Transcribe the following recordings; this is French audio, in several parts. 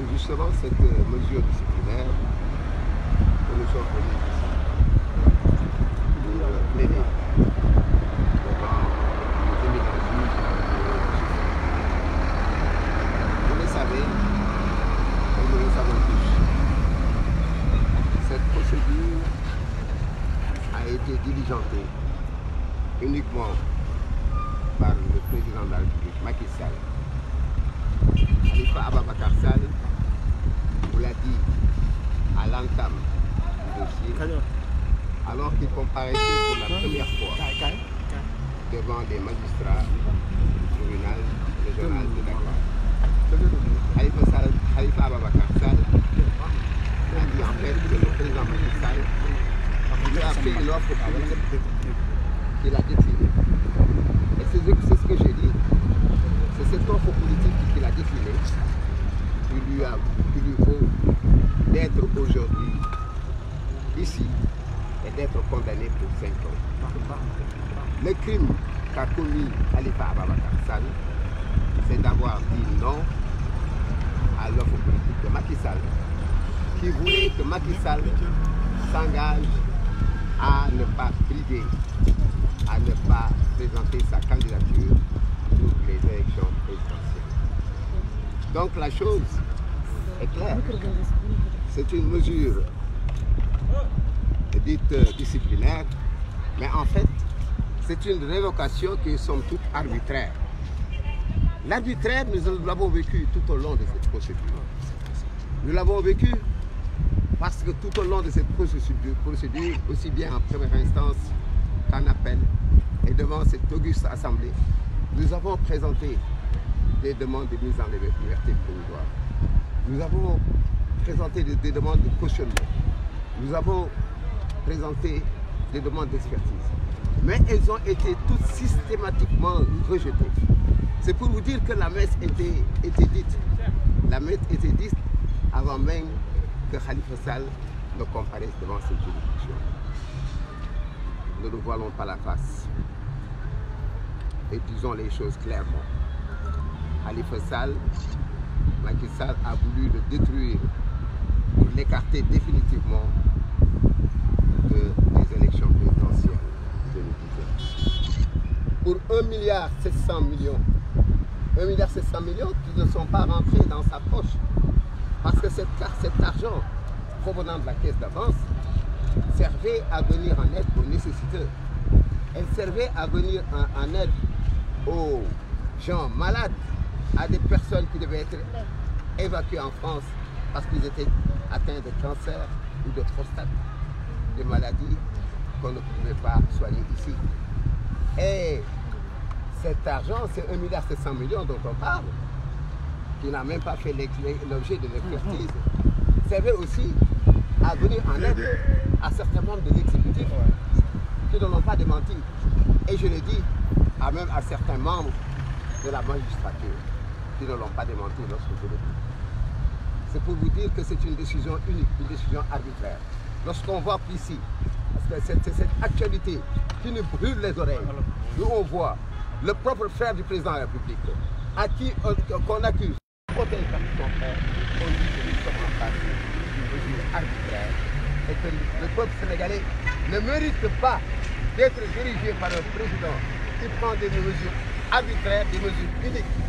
c'est justement cette euh, mesure disciplinaire que nous sommes venus ici pour les éminents Vous le savez, comme nous le savons tous, cette procédure a été diligentée uniquement par le président de la République, Macky Sall. Ababa Karsal. Sall, l'a dit à l'entame du dossier, alors qu'il comparaissait pour la première fois devant des magistrats du tribunal régional de Dakar. Khalifa, Sal, Khalifa Ababakar Sal a dit en fait que le président Magistral a fait une offre qu'il a déclinée. Et c'est ce que j'ai dit, c'est cette offre politique qu'il a déclinée qu'il lui, a, d'être aujourd'hui ici et d'être condamné pour 5 ans. Le crime qu'a commis Alifa Ababakar Sall, c'est d'avoir dit non à l'offre politique de Macky Sall, qui voulait que Macky Sall s'engage à ne pas briguer, à ne pas présenter sa candidature pour les élections présidentielles. Donc la chose est claire. C'est une mesure dite euh, disciplinaire, mais en fait, c'est une révocation qui est somme toute arbitraire. L'arbitraire, nous l'avons vécu tout au long de cette procédure. Nous l'avons vécu parce que tout au long de cette procédure, aussi bien en première instance qu'en appel, et devant cette auguste assemblée, nous avons présenté des demandes de mise en liberté provisoire. Nous avons présenté des demandes de cautionnement. Nous avons présenté des demandes d'expertise. Mais elles ont été toutes systématiquement rejetées. C'est pour vous dire que la messe était, était dite. La messe était dite avant même que Khalifa Sall ne comparaisse devant cette juridiction. Nous Ne nous voilons pas la face et disons les choses clairement. Khalifa Sall, Sall a voulu le détruire pour l'écarter définitivement des élections présidentielles de Pour 1,7 milliard 1,7 millions, 1 milliard millions qui ne sont pas rentrés dans sa poche parce que cet argent provenant de la caisse d'avance servait à venir en aide aux nécessiteurs Elle servait à venir en aide aux gens malades à des personnes qui devaient être évacuées en France parce qu'ils étaient atteints de cancer ou de prostate de maladies qu'on ne pouvait pas soigner ici. Et cet argent, c'est 1,7 milliard dont on parle, qui n'a même pas fait l'objet de l'expertise, servait aussi à venir en aide à certains membres de l'exécutif qui ne l'ont pas démenti. Et je le dis à même à certains membres de la magistrature qui ne l'ont pas démenti lorsque je le dis. C'est pour vous dire que c'est une décision unique, une décision arbitraire. Lorsqu'on voit ici, c'est cette actualité qui nous brûle les oreilles. Nous, on voit le propre frère du président de la République, à qui on accuse, son frère, on dit que arbitraire et que le peuple sénégalais ne mérite pas d'être dirigé par un président qui prend des mesures arbitraires, des mesures uniques.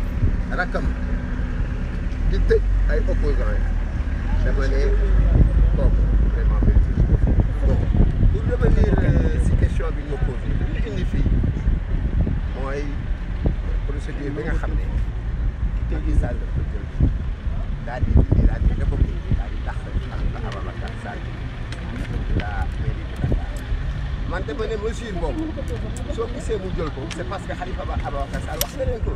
rakkam di tëj ay opposants yi dama ne kooku vraiment bénéfice ko bon pour revenir euh, si question bi ñu ma posé li ñu indi fii mooy procédure bi nga xam ne Macky Sall daf ko jël daal di dindi daal di dafa daal di tax tax la Ababacar Sall la mairie de Dakar man dama ne mesure boobu soo gisee mu jël ko c'est parce que Khalifa Ababacar Sall wax na leen ko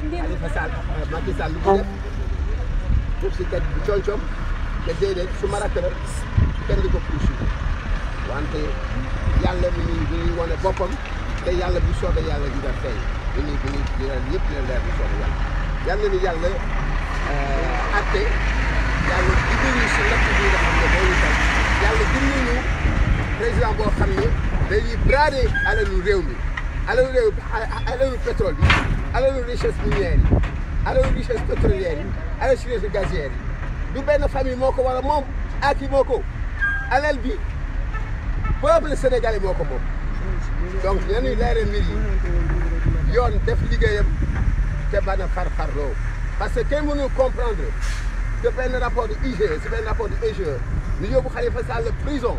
Khalifa Sall euh, Macky Sall lu ko ah. def pour si teg bu coom-coom te déedéet su ma rakk la kenn di ko puusu wante yàlla mi ñuy mi ñuy wane boppam te yàlla bu soobee yàlla dina fay bi ñuy bi ñuy dina ñëpp dina leer bu soobee yàlla yàlla ni yàlla atte euh, yàlla dimbali si natt bi nga xam ne mooy tax yàlla dimbali ñu président boo xam ne dañuy brader alalu réew mi alalu réew alalu pétrole bi alalu richesse minière yi alalu richesse pétrolière yi alalu richesse gazière yi du benn famille moo ko wala moom ak yi moo ko alal bi peuple sénégalais moo ko moom donc nañuy leeral mbir yi yoon def liggéeyam te bañ a faire parce que kenn nous comprendre que un rapport de IGE si un rapport de du IGE e, ñu yóbbu Khalifa Sall prison